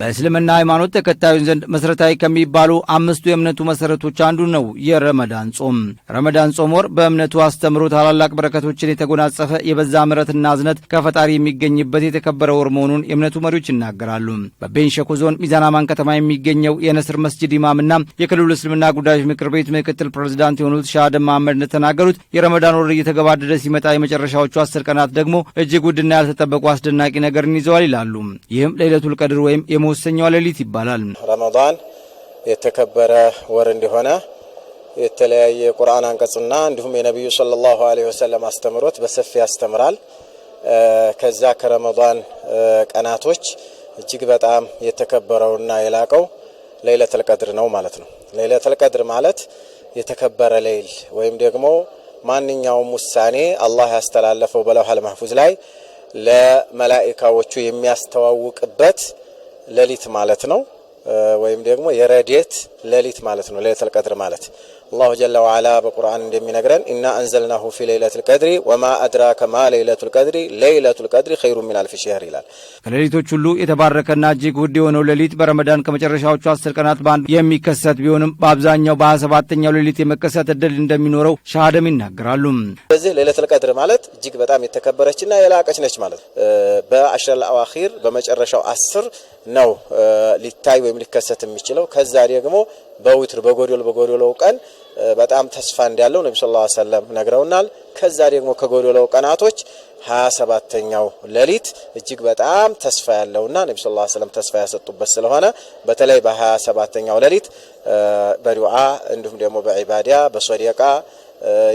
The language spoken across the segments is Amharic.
በእስልምና ሃይማኖት ተከታዩን ዘንድ መሠረታዊ ከሚባሉ አምስቱ የእምነቱ መሠረቶች አንዱ ነው የረመዳን ጾም። ረመዳን ጾም ወር በእምነቱ አስተምሮ ታላላቅ በረከቶችን የተጎናጸፈ የበዛ ምሕረትና እዝነት ከፈጣሪ የሚገኝበት የተከበረ ወር መሆኑን የእምነቱ መሪዎች ይናገራሉ። በቤንሸኮ ዞን ሚዛን አማን ከተማ የሚገኘው የነስር መስጅድ ኢማምና የክልሉ እስልምና ጉዳዮች ምክር ቤት ምክትል ፕሬዚዳንት የሆኑት ሻደ መሐመድ እንደተናገሩት የረመዳን ወር እየተገባደደ ሲመጣ የመጨረሻዎቹ አስር ቀናት ደግሞ እጅግ ውድና ያልተጠበቁ አስደናቂ ነገርን ይዘዋል ይላሉ። ይህም ለይለቱል ቀድር ወይም የመወሰኛው ሌሊት ይባላል። ረመዳን የተከበረ ወር እንዲሆነ የተለያየ የቁርአን አንቀጽና እንዲሁም የነቢዩ ሰለላሁ አለይሂ ወሰለም አስተምሮት በሰፊ ያስተምራል። ከዛ ከረመዳን ቀናቶች እጅግ በጣም የተከበረውና የላቀው ለይለተል ቀድር ነው ማለት ነው። ለይለተል ቀድር ማለት የተከበረ ሌይል ወይም ደግሞ ማንኛውም ውሳኔ አላህ ያስተላለፈው በለውሐል ማህፉዝ ላይ ለመላኢካዎቹ የሚያስተዋውቅበት ሌሊት ማለት ነው ወይም ደግሞ የረዴት ሌሊት ማለት ነው። ለይለተል ቀድር ማለት አላሁ ጀለ ዋዓላ በቁርአን እንደሚነግረን ኢና አንዘልናሁ ፊ ሌይለቱል ቀድሪ ወማ አድራከ ማ ሌይለቱል ቀድሪ ለይለቱል ቀድሪ ኸይሩ ሚን አልፊ ሸህር ይላል። ከሌሊቶች ሁሉ የተባረከና እጅግ ውድ የሆነው ሌሊት በረመዳን ከመጨረሻዎቹ አስር ቀናት በአንዱ የሚከሰት ቢሆንም በአብዛኛው በሀያ ሰባተኛው ሌሊት የመከሰት እድል እንደሚኖረው ሻሃደም ይናገራሉ። ስለዚህ ሌይለቱል ቀድር ማለት እጅግ በጣም የተከበረችና የላቀች ነች ማለት በአሽረል አዋኺር በመጨረሻው አስር ነው ሊታይ ወይም ሊከሰት የሚችለው ከዛ ደግሞ በውትር በጎዶሎ በጎዶሎው ቀን በጣም ተስፋ እንዳለው ነቢ ሰለላሁ ዐለይሂ ወሰለም ነግረውናል። ከዛ ደግሞ ከጎዶሎው ቀናቶች 27 ሰባተኛው ሌሊት እጅግ በጣም ተስፋ ያለውና ነቢ ሰለላሁ ዐለይሂ ወሰለም ተስፋ ያሰጡበት ስለሆነ በተለይ በ 27 ሌሊት በዱዓ እንዲሁም ደግሞ በዒባዲያ በሶደቃ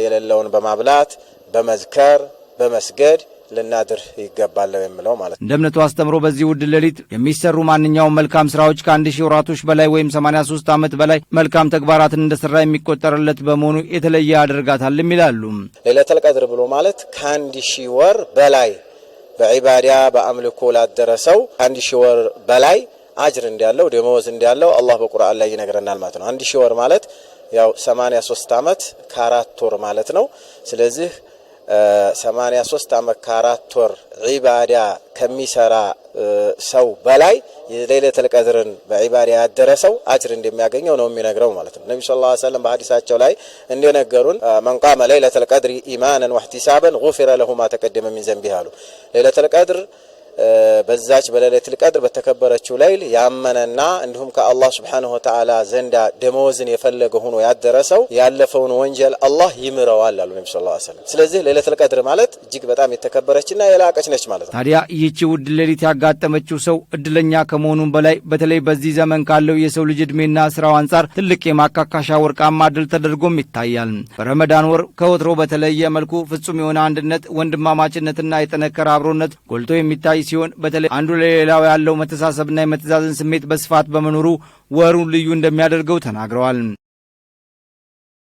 የሌለውን በማብላት በመዝከር በመስገድ ልናድር ይገባል ነው የምለው ማለት ነው። እንደ እምነቱ አስተምሮ በዚህ ውድ ሌሊት የሚሰሩ ማንኛውም መልካም ስራዎች ከአንድ ሺህ ወራቶች በላይ ወይም 83 ዓመት በላይ መልካም ተግባራትን እንደሰራ የሚቆጠርለት በመሆኑ የተለየ ያደርጋታልም ይላሉ። ለይለቱል ቀድር ብሎ ማለት ከአንድ ሺህ ወር በላይ በዒባዳ በአምልኮ ላደረሰው አንድ ሺህ ወር በላይ አጅር እንዳለው ደመወዝ እንዳለው አላህ በቁርአን ላይ ይነግረናል ማለት ነው። አንድ ሺህ ወር ማለት ያው 83 ዓመት ከአራት ወር ማለት ነው። ስለዚህ 83 ዓመት ከአራት ወር ዒባዳ ከሚሰራ ሰው በላይ የሌለተል ቀድርን በዒባዳ ያደረሰው አጅር እንደሚያገኘው ነው የሚነግረው ማለት ነው። ነቢ ስለ ሰለም በሀዲሳቸው ላይ እንደነገሩን መንቋመ ሌለተል ቀድሪ ኢማንን ዋሕቲሳበን ጉፊረ ለሁ ማ ተቀደመ ሚን ዘንቢህ አሉ። ሌለተል ቀድር በዛች በለለይቱል ቀድር በተከበረችው ላይል ያመነና እንዲሁም ከአላህ ሱብሓነሁ ወተዓላ ዘንዳ ደመወዝን የፈለገ ሆኖ ያደረሰው ያለፈውን ወንጀል አላህ ይምረዋል አሉ ነቢ ስ ላ ሰለም። ስለዚህ ለለይቱል ቀድር ማለት እጅግ በጣም የተከበረችና የላቀች ነች ማለት ነው። ታዲያ ይህቺ ውድ ሌሊት ያጋጠመችው ሰው እድለኛ ከመሆኑም በላይ በተለይ በዚህ ዘመን ካለው የሰው ልጅ እድሜና ስራው አንጻር ትልቅ የማካካሻ ወርቃማ ድል ተደርጎም ይታያል። በረመዳን ወር ከወትሮ በተለየ መልኩ ፍጹም የሆነ አንድነት፣ ወንድማማችነትና የጠነከረ አብሮነት ጎልቶ የሚታይ ሲሆን በተለይ አንዱ ለሌላው ያለው መተሳሰብና የመተዛዘን ስሜት በስፋት በመኖሩ ወሩን ልዩ እንደሚያደርገው ተናግረዋል።